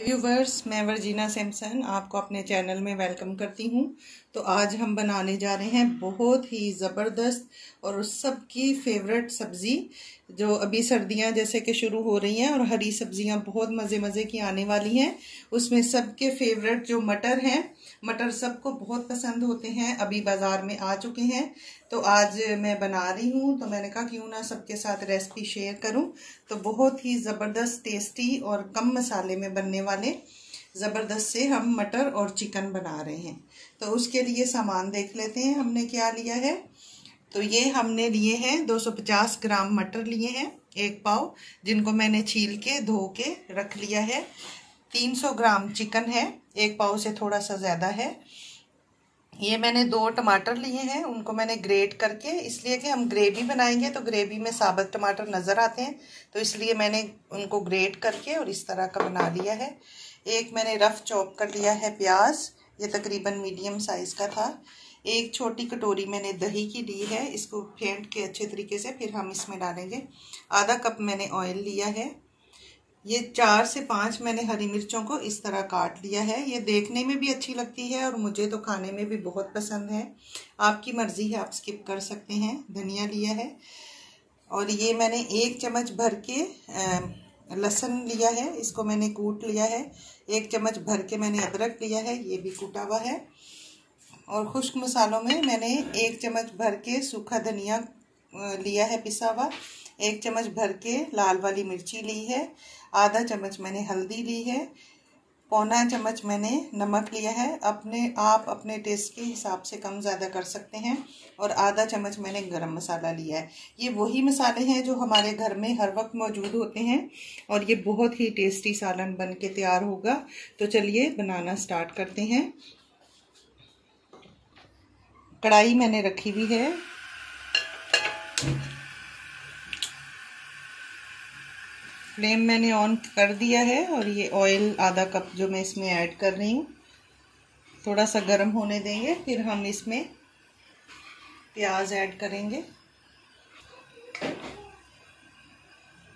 viewers मैं Virginia Samson आपको अपने चैनल में वेलकम करती हूँ तो आज हम बनाने जा रहे हैं बहुत ही ज़बरदस्त और सबकी फेवरेट सब्ज़ी जो अभी सर्दियां जैसे कि शुरू हो रही हैं और हरी सब्जियां बहुत मज़े मज़े की आने वाली हैं उसमें सबके फेवरेट जो मटर हैं मटर सबको बहुत पसंद होते हैं अभी बाज़ार में आ चुके हैं तो आज मैं बना रही हूँ तो मैंने कहा क्यों ना सबके साथ रेसिपी शेयर करूँ तो बहुत ही ज़बरदस्त टेस्टी और कम मसाले में बनने वाले ज़बरदस्त से हम मटर और चिकन बना रहे हैं तो उसके लिए सामान देख लेते हैं हमने क्या लिया है तो ये हमने लिए हैं 250 ग्राम मटर लिए हैं एक पाव जिनको मैंने छील के धो के रख लिया है 300 ग्राम चिकन है एक पाव से थोड़ा सा ज़्यादा है ये मैंने दो टमाटर लिए हैं उनको मैंने ग्रेट करके इसलिए कि हम ग्रेवी बनाएंगे तो ग्रेवी में साबत टमाटर नज़र आते हैं तो इसलिए मैंने उनको ग्रेट करके और इस तरह का बना लिया है एक मैंने रफ़ चॉप कर लिया है प्याज ये तकरीबन मीडियम साइज़ का था एक छोटी कटोरी मैंने दही की ली है इसको फेंट के अच्छे तरीके से फिर हम इसमें डालेंगे आधा कप मैंने ऑयल लिया है ये चार से पाँच मैंने हरी मिर्चों को इस तरह काट लिया है ये देखने में भी अच्छी लगती है और मुझे तो खाने में भी बहुत पसंद है आपकी मर्ज़ी है आप स्किप कर सकते हैं धनिया लिया है और ये मैंने एक चम्मच भर के लहसुन लिया है इसको मैंने कूट लिया है एक चम्मच भर के मैंने अदरक लिया है ये भी कूटा हुआ है और खुश्क मसालों में मैंने एक चम्मच भर के सूखा धनिया लिया है पिसा हुआ एक चम्मच भर के लाल वाली मिर्ची ली है आधा चम्मच मैंने हल्दी ली है पौना चम्मच मैंने नमक लिया है अपने आप अपने टेस्ट के हिसाब से कम ज़्यादा कर सकते हैं और आधा चम्मच मैंने गरम मसाला लिया है ये वही मसाले हैं जो हमारे घर में हर वक्त मौजूद होते हैं और ये बहुत ही टेस्टी सालन बन के तैयार होगा तो चलिए बनाना स्टार्ट करते हैं कढ़ाई मैंने रखी हुई है फ्लेम मैंने ऑन कर दिया है और ये ऑयल आधा कप जो मैं इसमें ऐड कर रही हूँ थोड़ा सा गर्म होने देंगे फिर हम इसमें प्याज ऐड करेंगे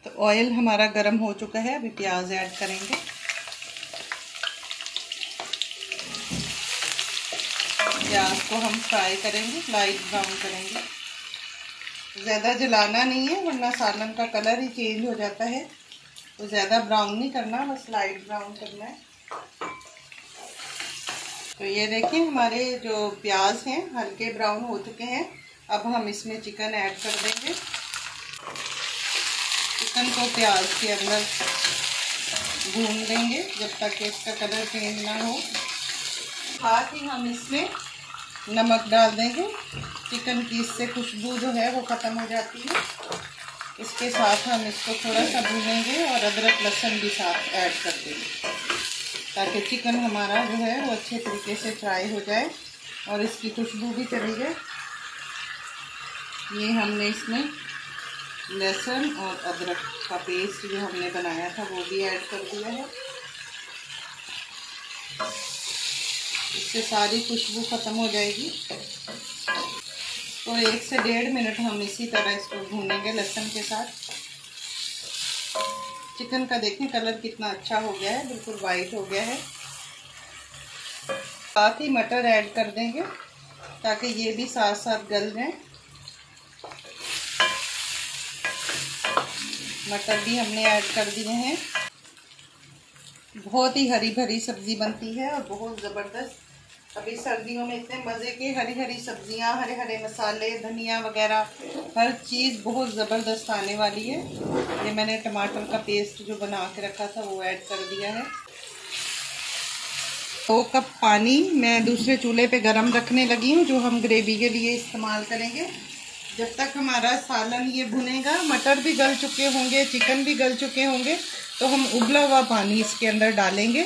तो ऑयल हमारा गर्म हो चुका है अभी प्याज ऐड करेंगे प्याज को हम फ्राई करेंगे लाइट ब्राउन करेंगे ज़्यादा जलाना नहीं है वरना सालन का कलर ही चेंज हो जाता है तो ज़्यादा ब्राउन नहीं करना बस लाइट ब्राउन करना है तो ये देखिए हमारे जो प्याज हैं हल्के ब्राउन हो चुके हैं अब हम इसमें चिकन ऐड कर देंगे चिकन को प्याज के अंदर भून देंगे जब तक इसका कलर चेंज ना हो साथ ही हम इसमें नमक डाल देंगे चिकन की इससे खुशबू जो है वो ख़त्म हो जाती है इसके साथ हम इसको थोड़ा सा भूनेंगे और अदरक लहसुन भी साथ ऐड कर देंगे ताकि चिकन हमारा जो है वो अच्छे तरीके से फ्राई हो जाए और इसकी खुशबू भी चली जाए ये हमने इसमें लहसुन और अदरक का पेस्ट जो हमने बनाया था वो भी ऐड कर दिया है इससे सारी खुशबू ख़त्म हो जाएगी तो एक से डेढ़ मिनट हम इसी तरह इसको भूनेंगे लहसुन के साथ चिकन का देखें कलर कितना अच्छा हो गया है बिल्कुल वाइट हो गया है साथ ही मटर ऐड कर देंगे ताकि ये भी साथ साथ गल जाए मटर भी हमने ऐड कर दिए हैं बहुत ही हरी भरी सब्ज़ी बनती है और बहुत ज़बरदस्त अभी सर्दियों में इतने मज़े के हरी हरी सब्जियां हरे हरे मसाले धनिया वगैरह हर चीज़ बहुत ज़बरदस्त आने वाली है ये मैंने टमाटर का पेस्ट जो बना के रखा था वो ऐड कर दिया है दो तो कप पानी मैं दूसरे चूल्हे पे गरम रखने लगी हूँ जो हम ग्रेवी के लिए इस्तेमाल करेंगे जब तक हमारा सालन ये भुनेगा मटर भी गल चुके होंगे चिकन भी गल चुके होंगे तो हम उबला हुआ पानी इसके अंदर डालेंगे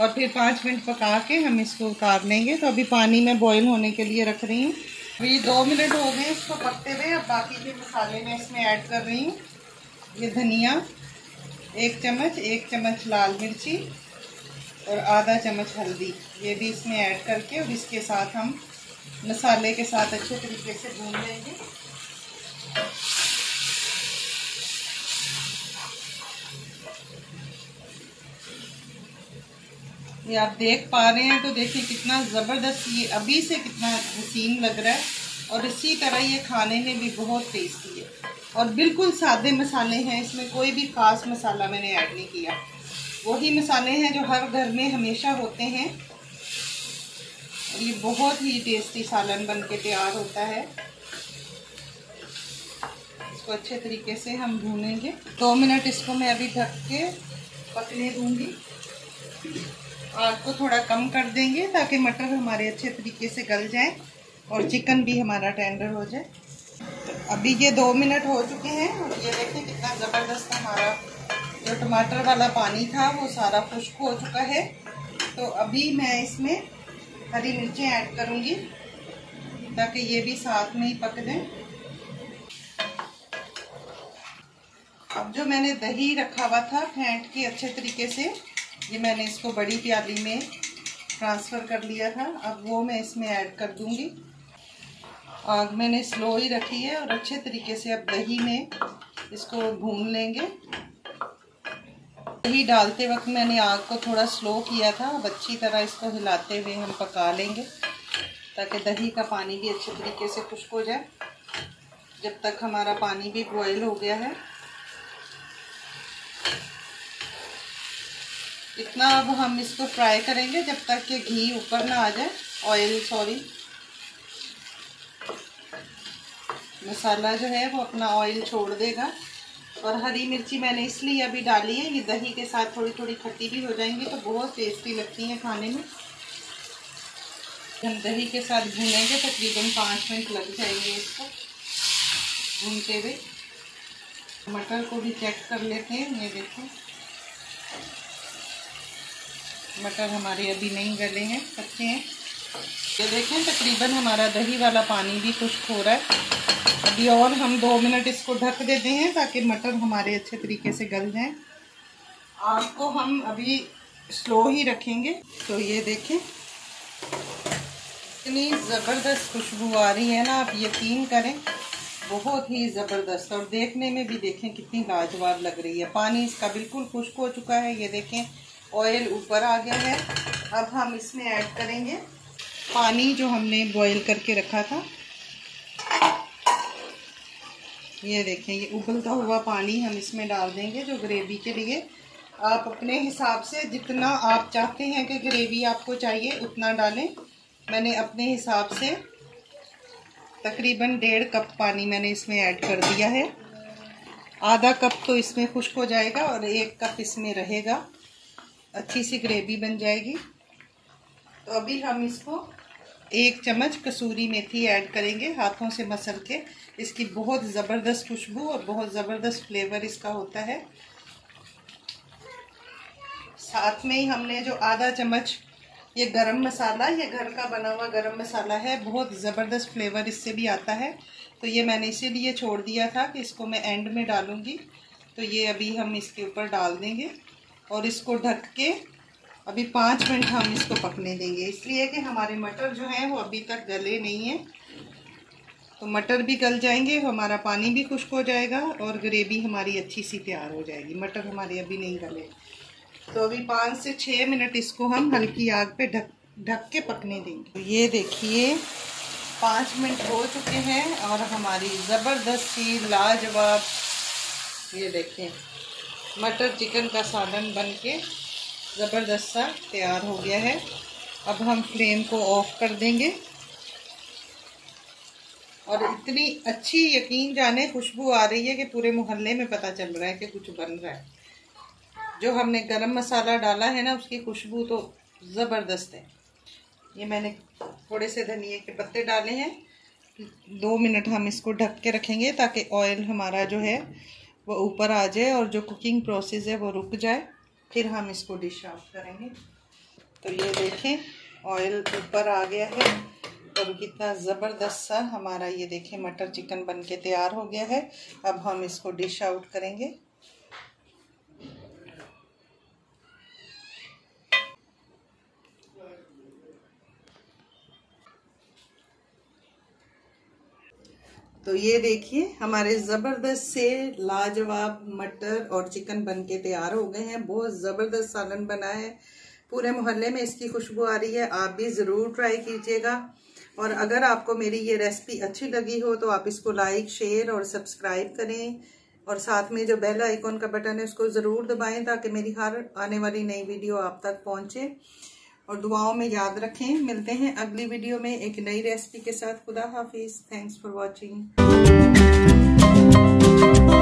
और फिर पाँच मिनट पका के हम इसको उतार लेंगे तो अभी पानी में बॉईल होने के लिए रख रही हूँ अभी तो दो मिनट हो गए इसको पकते हुए अब बाकी के मसाले मैं इसमें ऐड कर रही हूँ ये धनिया एक चम्मच एक चम्मच लाल मिर्ची और आधा चम्मच हल्दी ये भी इसमें ऐड करके और इसके साथ हम मसाले के साथ अच्छे तरीके से भून लेंगे ये आप देख पा रहे हैं तो देखिए कितना ज़बरदस्त ये अभी से कितना हसीन लग रहा है और इसी तरह ये खाने में भी बहुत टेस्टी है और बिल्कुल सादे मसाले हैं इसमें कोई भी ख़ास मसाला मैंने ऐड नहीं किया वही मसाले हैं जो हर घर में हमेशा होते हैं और ये बहुत ही टेस्टी सालन बन के तैयार होता है इसको अच्छे तरीके से हम भूनेंगे दो मिनट इसको मैं अभी ढक के पकने दूँगी आग को थोड़ा कम कर देंगे ताकि मटर हमारे अच्छे तरीके से गल जाए और चिकन भी हमारा टेंडर हो जाए अभी ये दो मिनट हो चुके हैं और ये देखें कितना ज़बरदस्त हमारा जो टमाटर वाला पानी था वो सारा खुश्क हो चुका है तो अभी मैं इसमें हरी मिर्चें ऐड करूँगी ताकि ये भी साथ में ही पक दें अब जो मैंने दही रखा हुआ था फेंट के अच्छे तरीके से ये मैंने इसको बड़ी प्याली में ट्रांसफ़र कर लिया था अब वो मैं इसमें ऐड कर दूंगी आग मैंने स्लो ही रखी है और अच्छे तरीके से अब दही में इसको भून लेंगे दही डालते वक्त मैंने आग को थोड़ा स्लो किया था अब अच्छी तरह इसको हिलाते हुए हम पका लेंगे ताकि दही का पानी भी अच्छे तरीके से खुश्क हो जाए जब तक हमारा पानी भी बॉयल हो गया है इतना अब हम इसको फ्राई करेंगे जब तक कि घी ऊपर ना आ जाए ऑयल सॉरी मसाला जो है वो अपना ऑयल छोड़ देगा और हरी मिर्ची मैंने इसलिए अभी डाली है ये दही के साथ थोड़ी थोड़ी खट्टी भी हो जाएंगी तो बहुत टेस्टी लगती है खाने में हम दही के साथ भूनेंगे तकरीबन तो पाँच मिनट लग जाएंगे इसको भूनते हुए मटर को भी चेक कर लेते हैं ये देखो मटर हमारे अभी नहीं गले हैं कच्चे हैं ये देखें तकरीबन हमारा दही वाला पानी भी खुश्क हो रहा है अभी और हम दो मिनट इसको ढक देते हैं ताकि मटर हमारे अच्छे तरीके से गल जाएं आग को हम अभी स्लो ही रखेंगे तो ये देखें इतनी ज़बरदस्त खुशबू आ रही है ना आप यकीन करें बहुत ही ज़बरदस्त और देखने में भी देखें कितनी लाजवाब लग रही है पानी इसका बिल्कुल खुश्क हो चुका है ये देखें ऑयल ऊपर आ गया है अब हम इसमें ऐड करेंगे पानी जो हमने बॉईल करके रखा था ये देखें ये उबलता हुआ पानी हम इसमें डाल देंगे जो ग्रेवी के लिए आप अपने हिसाब से जितना आप चाहते हैं कि ग्रेवी आपको चाहिए उतना डालें मैंने अपने हिसाब से तकरीबन डेढ़ कप पानी मैंने इसमें ऐड कर दिया है आधा कप तो इसमें खुश्क हो जाएगा और एक कप इसमें रहेगा अच्छी सी ग्रेवी बन जाएगी तो अभी हम इसको एक चम्मच कसूरी मेथी ऐड करेंगे हाथों से मसल के इसकी बहुत ज़बरदस्त खुशबू और बहुत ज़बरदस्त फ्लेवर इसका होता है साथ में ही हमने जो आधा चम्मच ये गरम मसाला ये घर का बना हुआ गरम मसाला है बहुत ज़बरदस्त फ्लेवर इससे भी आता है तो ये मैंने इसीलिए छोड़ दिया था कि इसको मैं एंड में डालूँगी तो ये अभी हम इसके ऊपर डाल देंगे और इसको ढक के अभी पाँच मिनट हम इसको पकने देंगे इसलिए कि हमारे मटर जो हैं वो अभी तक गले नहीं हैं तो मटर भी गल जाएंगे हमारा पानी भी खुश्क हो जाएगा और ग्रेवी हमारी अच्छी सी तैयार हो जाएगी मटर हमारे अभी नहीं गले तो अभी पाँच से छः मिनट इसको हम हल्की आग पे ढक ढक के पकने देंगे तो ये देखिए पाँच मिनट हो चुके हैं और हमारी ज़बरदस्ती लाजवाब ये देखें मटर चिकन का सालन बन के ज़बरदस्त सा तैयार हो गया है अब हम फ्लेम को ऑफ कर देंगे और इतनी अच्छी यकीन जाने खुशबू आ रही है कि पूरे मोहल्ले में पता चल रहा है कि कुछ बन रहा है जो हमने गरम मसाला डाला है ना उसकी खुशबू तो ज़बरदस्त है ये मैंने थोड़े से धनिए के पत्ते डाले हैं दो मिनट हम इसको ढक के रखेंगे ताकि ऑयल हमारा जो है वो ऊपर आ जाए और जो कुकिंग प्रोसेस है वो रुक जाए फिर हम इसको डिश ऑफ करेंगे तो ये देखें ऑयल ऊपर आ गया है और कितना ज़बरदस्त सा हमारा ये देखें मटर चिकन बन के तैयार हो गया है अब हम इसको डिश आउट करेंगे तो ये देखिए हमारे ज़बरदस्त से लाजवाब मटर और चिकन बन के तैयार हो गए हैं बहुत ज़बरदस्त सालन बना है पूरे मोहल्ले में इसकी खुशबू आ रही है आप भी ज़रूर ट्राई कीजिएगा और अगर आपको मेरी ये रेसिपी अच्छी लगी हो तो आप इसको लाइक शेयर और सब्सक्राइब करें और साथ में जो बेल आइकॉन का बटन है उसको ज़रूर दबाएं ताकि मेरी हर आने वाली नई वीडियो आप तक पहुंचे और दुआओं में याद रखें मिलते हैं अगली वीडियो में एक नई रेसिपी के साथ खुदा हाफिज थैंक्स फॉर वॉचिंग